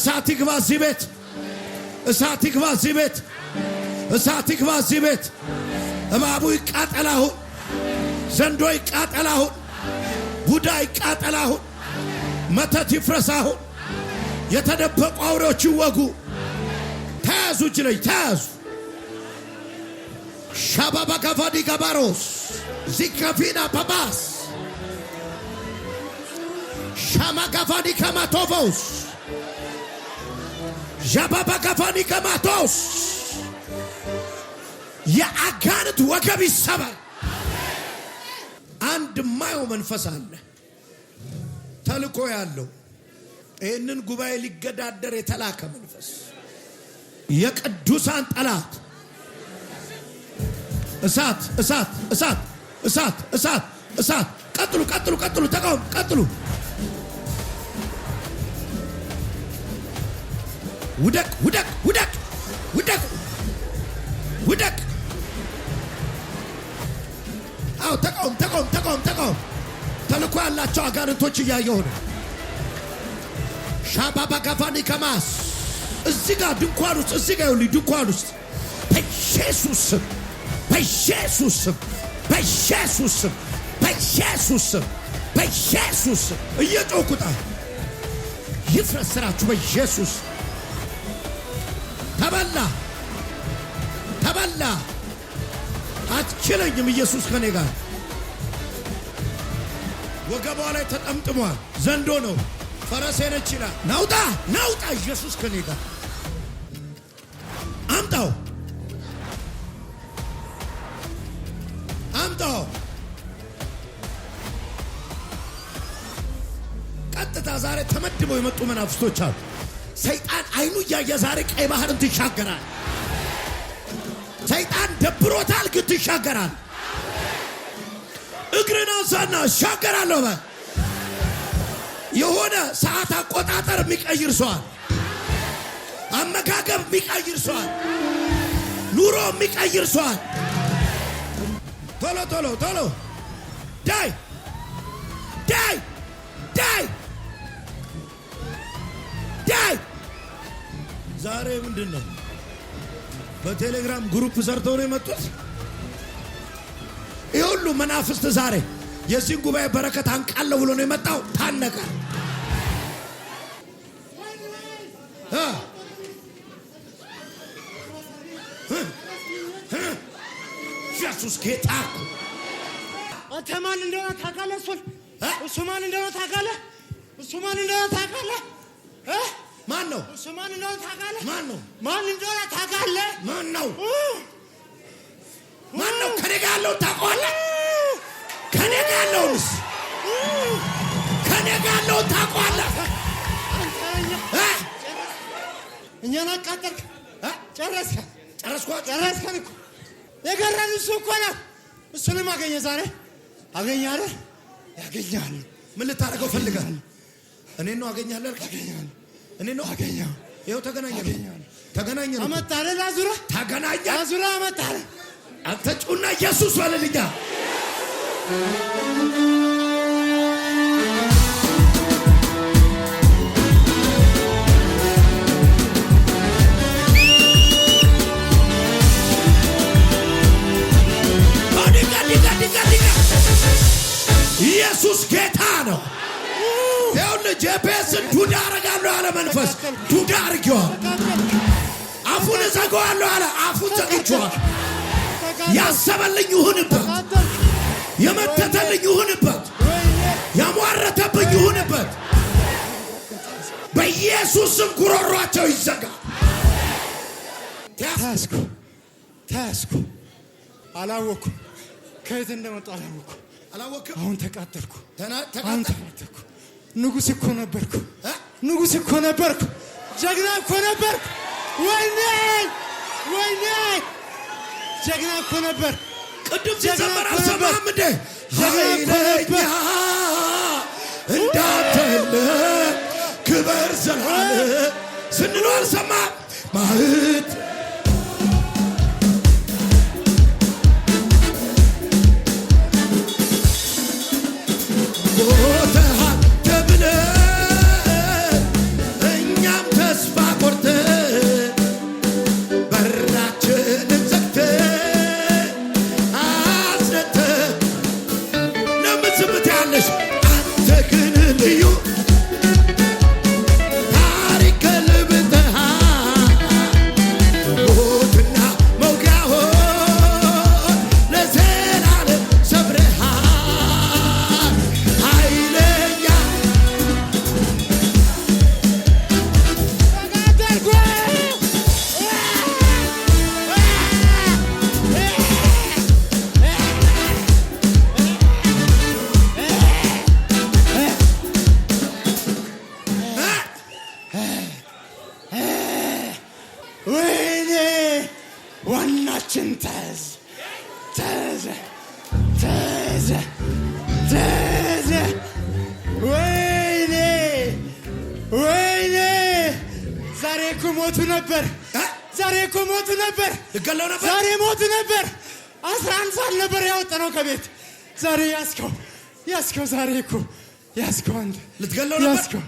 እሳት ይግባ እዚህ ቤት፣ እሳት ይግባ እዚህ ቤት፣ እሳት ይግባ እዚህ ቤት። እባቡ ይቃጠል አሁን፣ ዘንዶ ይቃጠል አሁን፣ ቡዳ ይቃጠል አሁን፣ መተት ይፍረስ አሁን። የተደበቁ አውሬዎች ይወጉ። ተያዙ፣ እጅ ላይ ተያዙ። ሻባባ ገባሮስ ዚከፊና ፓባስ ሻማ ከፋዲ ዣባባጋፋኒ ከማቶስ የአጋንንት ወገብ ይሰበር። አንድ ማየው መንፈስ አለ ተልኮ ያለው ይህንን ጉባኤ ሊገዳደር የተላከ መንፈስ የቅዱሳን ጠላት እሳት እሳት እሳት እሳት እሳት እሳት ቀጥሉ ቀጥሉ ቀጥሉ ተቃውም ቀጥሉ ውደቅ ውደቅ ውደቅ ውደቅ ውደቅ። አዎ ተቃውም ተቃውም ተቃውም ተቃውም። ተልኮ ያላቸው አጋንንቶች እያየሁ ነው። ሻባባ ጋፋኒ ከማስ እዚህ ጋር ድንኳን ውስጥ እዚህ ጋር ይኸውልኝ ድንኳን ውስጥ በኢየሱስ ስም በኢየሱስ ስም በኢየሱስ ስም በኢየሱስ ስም በኢየሱስ ስም እየጮኩ ጣል ይፍረስ ስራችሁ በኢየሱስ ተበላ ተበላ። አትችለኝም። ኢየሱስ ከኔ ጋር ወገቧ ላይ ተጠምጥሟል። ዘንዶ ነው፣ ፈረሴ ነች ይላል። ናውጣ ናውጣ። ኢየሱስ ከኔ ጋር አምጣው አምጣው። ቀጥታ ዛሬ ተመድበው የመጡ መናፍስቶች አሉ። ሰይጣን አይኑ እያየ ዛሬ ቀይ ባህርን ትሻገራል። ሰይጣን ደብሮታል፣ ግን ትሻገራል። እግርን አንሳና እሻገራለሁ። የሆነ ሰዓት አቆጣጠር የሚቀይር ሰዋል፣ አመጋገብ የሚቀይር ሰዋል፣ ኑሮ የሚቀይር ሰዋል። ቶሎ ቶሎ ቶሎ ዳይ ዳይ ዳይ ዳይ ዛሬ ምንድን ነው በቴሌግራም ግሩፕ ሰርተው ነው የመጡት? ይህ ሁሉ መናፍስት ዛሬ የዚህን ጉባኤ በረከት አንቃለሁ ብሎ ነው የመጣው። ታነቀ። ኢየሱስ ጌታ አንተ ማን እንደሆነ ታውቃለህ። እሱ ማን እንደሆነ ታውቃለህ። እሱ ማን እንደሆነ ታውቃለህ። ማን ነው? ማን እንደሆነ ታውቃለህ? ማን ነው? ማን እንደሆነ ታውቃለህ? ማን ነው? ማን ነው? ከኔ ጋር ያለውን ታውቀዋለህ? ከኔ ጋር ያለውንስ? ከኔ ጋር ያለውን ታውቀዋለህ? እኛን አቃጠልክ። ጨረስከ ጨረስኳ ጨረስከን እኮ የገረን እሱ እኮ ነው። እሱንም አገኘ ዛሬ አገኛለህ። ያገኛል። ምን ልታደርገው ፈልጋል? እኔ ነው አገኛለህ። አገኛለሁ እኔ ነው አገኘው። ይኸው ተገናኘ ተገናኘ አመጣለ ላዙራ ተገናኘ ላዙራ አመጣለ አንተ ጩና ኢየሱስ ወለልኛ ኢየሱስ ጌታ ነው። ይኸውልህ ጄፒኤስን ዱዳ አረጋለሁ አለ መንፈስ። ዱዳ አርጌዋል። አፉን እዘጋዋለሁ አለ። አፉን ዘግቼዋል። ያሰበልኝ ይሁንበት፣ የመተተልኝ ይሁንበት፣ ያሟረተብኝ ይሁንበት። በኢየሱስም ጉሮሯቸው ይዘጋ። ተያዝኩ፣ ተያዝኩ። አላወቅኩ ከየት እንደመጣ አላወቅኩ። አሁን ተቃጠልኩ፣ አሁን ተቃጠልኩ። ንጉስ እኮ ነበርኩ፣ ንጉስ እኮ ነበርኩ፣ ጀግና እኮ ነበርኩ። ወይኔ ወይኔ ጀግና እኮ ነበር። ቅዱም ሲዘመር አልሰማህም እንዴ? ኃይለኛ እንዳተለ ክበር ዘላለ ስንሎ አልሰማህም ማህት ትዝ ትዝ ትዝ ወይኔ ወይኔ ዛሬ እኮ ሞቱ ነበር። ዛሬ እኮ ሞቱ ነበር። ልገለው ነበር። ዛሬ ሞቱ ነበር። አስራ አንድ ሰዓት ነበር ያወጣነው ከቤት። ዛሬ ያስከው ያስከው ዛሬ እኮ ያስከው አንተ ልትገለው ነበር።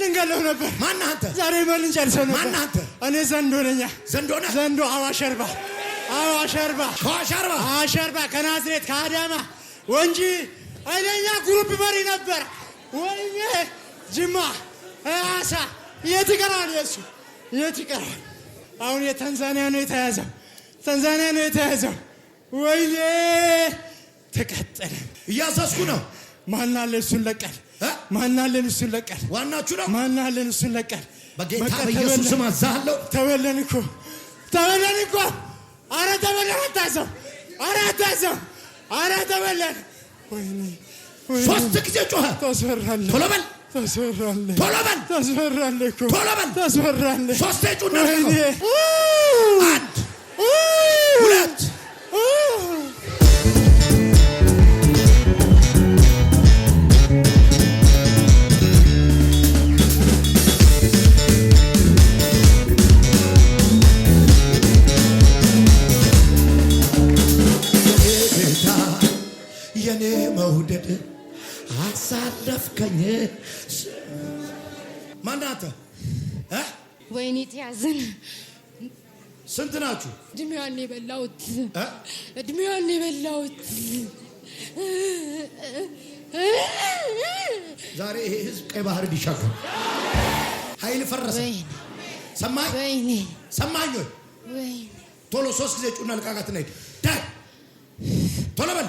ልንገለው ነበር። ማን አንተ? ዛሬ መልንጨርሰው ነበር። ማን አንተ? እኔ ዘንዶ ነኛ። ዘንዶ ነህ? ዘንዶ አዋሸርባ አዎ አሸርባ አሸርባ አሸርባ ከናዝሬት ከአዳማ ወንጂ አይለኛ ግሩፕ መሪ ነበር። ወይኔ ጅማ አሳ የት ይቀራል? የእሱ የት ይቀራል? አሁን የታንዛኒያ ነው የተያዘው፣ ታንዛኒያ ነው የተያዘው። ወይኔ ተቀጠለ። እያሳስኩ ነው። ማናለን እሱን ለቀል፣ ማናለን እሱን ለቀል፣ ዋናችሁ ነው። ማናለን እሱን ለቀል። በጌታ በኢየሱስ ስም አዛለሁ። ተበለን እኮ ተበለን እኮ አረ ተበላን፣ አታዘው፣ አረ አታዘው፣ አረ ተበላን። ወይኔ ሶስት ጊዜ ጮኸ። ተስፈራለህ፣ ቶሎ በል፣ ተስፈራለህ፣ ቶሎ በል፣ ተስፈራለህ፣ ቶሎ በል፣ ተስፈራለህ። ሶስቴ ጩኸ። አሳለፍከኝ። ማናተ ወይኔ ተያዝን። ስንት ናችሁ? እድሜዋን የበላሁት እድሜዋን የበላሁት ዛሬ ይሄ ህዝብ ቀይ ባህር ቢሻገር ኃይል ፈረሰ። ሰማኝ ሰማኝ ቶሎ ሶስት ጊዜ ጩና ልቃቃት ነይ ዳይ ቶሎ በል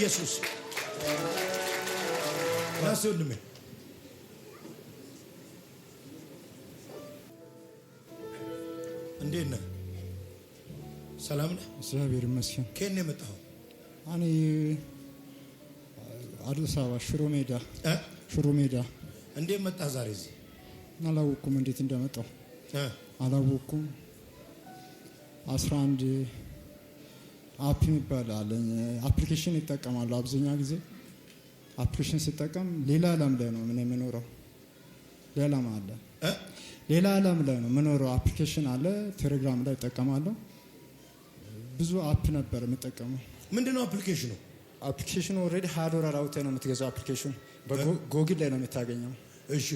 በኢየሱስ ራስ ወንድሜ እንዴት ነህ? ሰላም ነህ? እግዚአብሔር ይመስገን። ከየት ነው የመጣኸው? እኔ አዲስ አበባ ሽሮ ሜዳ ሽሮ ሜዳ። እንዴት መጣህ ዛሬ እዚህ? አላወኩም እንዴት እንደመጣሁ አላወኩም። አስራ አንድ አፕ ይባላል አፕሊኬሽን ይጠቀማሉ። አብዛኛው ጊዜ አፕሊኬሽን ስጠቀም ሌላ ዓለም ላይ ነው ምን የምኖረው ሌላ አለ ሌላ ዓለም ላይ ነው የምኖረው። አፕሊኬሽን አለ ቴሌግራም ላይ ይጠቀማለሁ። ብዙ አፕ ነበር የምጠቀመው። ምንድነው አፕሊኬሽኑ? አፕሊኬሽኑ ኦልሬዲ ዶላር አውጥተህ ነው የምትገዛው። አፕሊኬሽኑ በጎግል ላይ ነው የምታገኘው። እሺ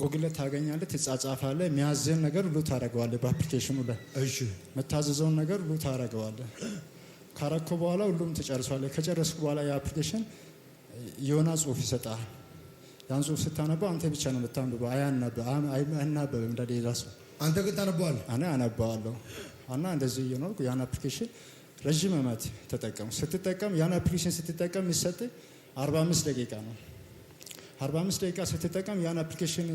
ጎግል ላይ ታገኛለህ፣ ትጻጻፋለህ። የሚያዝህን ነገር ሁሉ ታደርገዋለህ በአፕሊኬሽኑ ላይ። እሺ የምታዘዘውን ነገር ሁሉ ታደርገዋለህ። ካረኮ በኋላ ሁሉም ተጨርሷል። ከጨረስኩ በኋላ የአፕሊኬሽን የሆነ ጽሁፍ ይሰጣል። ያን ጽሁፍ ስታነባው አንተ ብቻ ነው የምታንብበው፣ አያናበብም እንደሌላ ሰው። አንተ ግን ታነበዋል? እኔ አነበዋለሁ። እና እንደዚህ እየኖርኩ ያን አፕሊኬሽን ረዥም ዓመት ተጠቀሙ። ስትጠቀም ያን አፕሊኬሽን ስትጠቀም የሚሰጥ 45 ደቂቃ ነው። 45 ደቂቃ ስትጠቀም ያን አፕሊኬሽን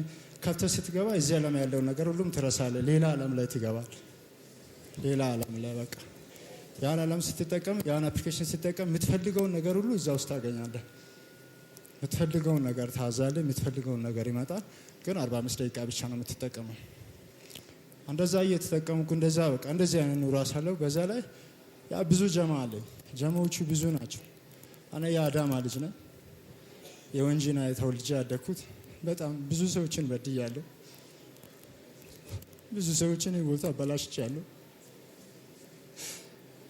ከፍተህ ስትገባ እዚህ ዓለም ያለውን ነገር ሁሉም ትረሳለህ። ሌላ ዓለም ላይ ትገባል። ሌላ ዓለም ላይ በቃ ያን አላም ስትጠቀም ያን አፕሊኬሽን ስትጠቀም የምትፈልገውን ነገር ሁሉ እዛ ውስጥ ታገኛለህ። የምትፈልገውን ነገር ታዛለ የምትፈልገውን ነገር ይመጣል። ግን 45 ደቂቃ ብቻ ነው የምትጠቀመው። እንደዛ እየተጠቀምኩ እንደዛ በቃ እንደዚህ አይነት ኑሮ አሳለሁ። በዛ ላይ ያ ብዙ ጀማ አለኝ። ጀማዎቹ ብዙ ናቸው። እኔ የአዳማ ልጅ ነኝ። የወንጂና ተወልጄ ያደግኩት በጣም ብዙ ሰዎችን በድያለሁ። ብዙ ሰዎችን ቦታ አበላሽቻለሁ።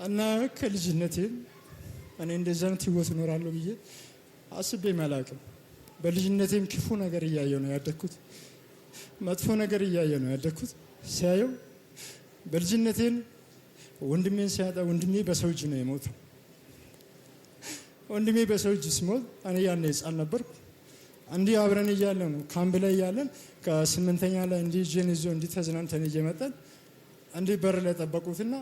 እና ከልጅነቴ እኔ እንደዚህ አይነት ህይወት እኖራለሁ ብዬ አስቤም አላውቅም። በልጅነቴም ክፉ ነገር እያየሁ ነው ያደግኩት። መጥፎ ነገር እያየ ነው ያደግኩት። ሲያየው በልጅነቴን ወንድሜን ሲያጣ ወንድሜ በሰው እጅ ነው የሞተው። ወንድሜ በሰው እጅ ሲሞት እኔ ያኔ ህፃን ነበርኩ። እንዲህ አብረን እያለ ነው ካምፕ ላይ እያለን ከስምንተኛ ላይ እንዲህ ጄን ይዞ እንዲህ ተዝናንተን እየመጠን እንዲህ በር ላይ ጠበቁትና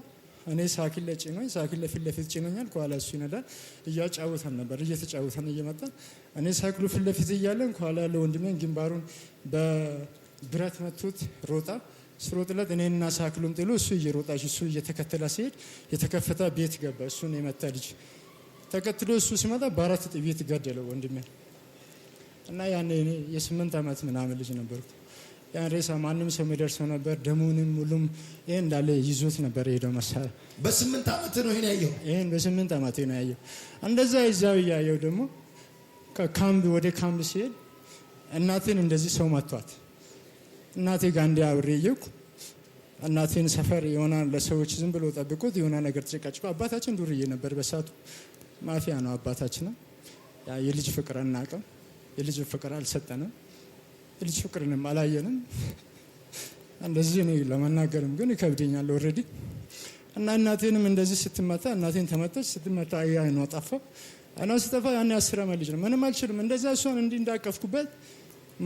እኔ ሳኪን ለጭኖኝ ሳኪን ለፊት ለፊት ጭኖኛል፣ ከኋላ እሱ ይነዳል። እያጫወተን ነበር እየተጫወተን እየመጣን እኔ ሳይክሉ ፊት ለፊት እያለን ከኋላ ያለ ወንድሜን ግንባሩን በብረት መቱት። ሮጣ ስሮጥለት እኔና ሳክሉን ጥሎ እሱ እየሮጣች እሱ እየተከተለ ሲሄድ የተከፈተ ቤት ገባ። እሱን የመታ ልጅ ተከትሎ እሱ ሲመጣ በአራት ጥይት ገደለው ወንድሜን እና ያኔ እኔ የስምንት ዓመት ምናምን ልጅ ነበርኩ። ያን ሬሳ ማንም ሰው የሚደርሰው ነበር። ደሙንም ሁሉም ይህ እንዳለ ይዞት ነበር የሄደው መሳ በስምንት ዓመት ነው ይህን ያየው። ይህን በስምንት ዓመት ነው ያየው። እንደዛ ይዛው እያየው ደግሞ ከካምብ ወደ ካምብ ሲሄድ እናቴን እንደዚህ ሰው መቷት። እናቴ ጋር እንዲህ አብሬ እየኩ እናቴን ሰፈር የሆነ ለሰዎች ዝም ብሎ ጠብቁት የሆነ ነገር ጭቃጭቆ አባታችን ዱርዬ ነበር በሳቱ ማፊያ ነው አባታችንም የልጅ ፍቅር አናውቅም። የልጅ ፍቅር አልሰጠንም። ልጅ ፍቅርንም አላየንም። እንደዚህ ነው ለመናገርም ግን ይከብደኛል። ኦልሬዲ እና እናቴንም እንደዚህ ስትመታ እናቴን ተመታች። ስትመታ አይኗ ጠፋ። አይኗ ስጠፋ ያኔ አስር ዓመት ልጅ ነው። ምንም አልችልም። እንደዛ እሷን እንዲህ እንዳቀፍኩበት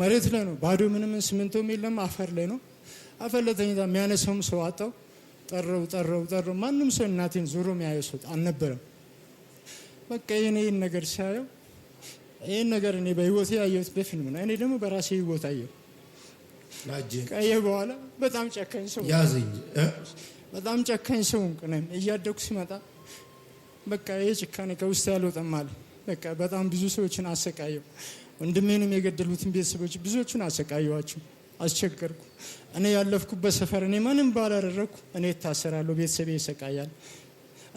መሬት ላይ ነው፣ ባዶ ምንም ስምንቶም የለም፣ አፈር ላይ ነው። አፈር ላይ ተኝታ የሚያነሳውም ሰው አጣው። ጠረው ጠረው ጠረው። ማንም ሰው እናቴን ዞሮ የሚያየው ሰው አልነበረም። በቃ ይህን ነገር ሲያየው ይህን ነገር እኔ በህይወት ያየሁት በፊልም ነው። እኔ ደግሞ በራሴ ህይወት አየሁ። ቀየ በኋላ በጣም ጨካኝ ሰው ያዘኝ። በጣም ጨካኝ ሰው ነኝ። እያደኩ ሲመጣ በቃ ይህ ጭካኔ ከውስጥ ያልወጣም አለ። በቃ በጣም ብዙ ሰዎችን አሰቃየው። ወንድሜንም የገደሉትን ቤተሰቦች ብዙዎቹን አሰቃየዋቸው፣ አስቸገርኩ። እኔ ያለፍኩበት ሰፈር እኔ ምንም ባላደረግኩ እኔ እታሰራለሁ፣ ቤተሰቤ ይሰቃያል።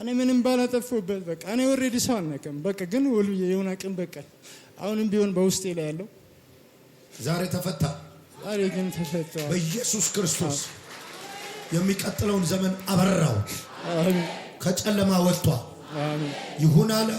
እኔ ምንም ባላጠፋሁበት በቃ እኔ ወሬድ ሰው አልነቅም። በቃ ግን ወልዬ የሆነ ቀን በቃ አሁንም ቢሆን በውስጤ ላይ ያለው ዛሬ ተፈታ። ዛሬ ግን ተፈታ በኢየሱስ ክርስቶስ። የሚቀጥለውን ዘመን አበራው፣ ከጨለማ ወጥቷ ይሁን አለ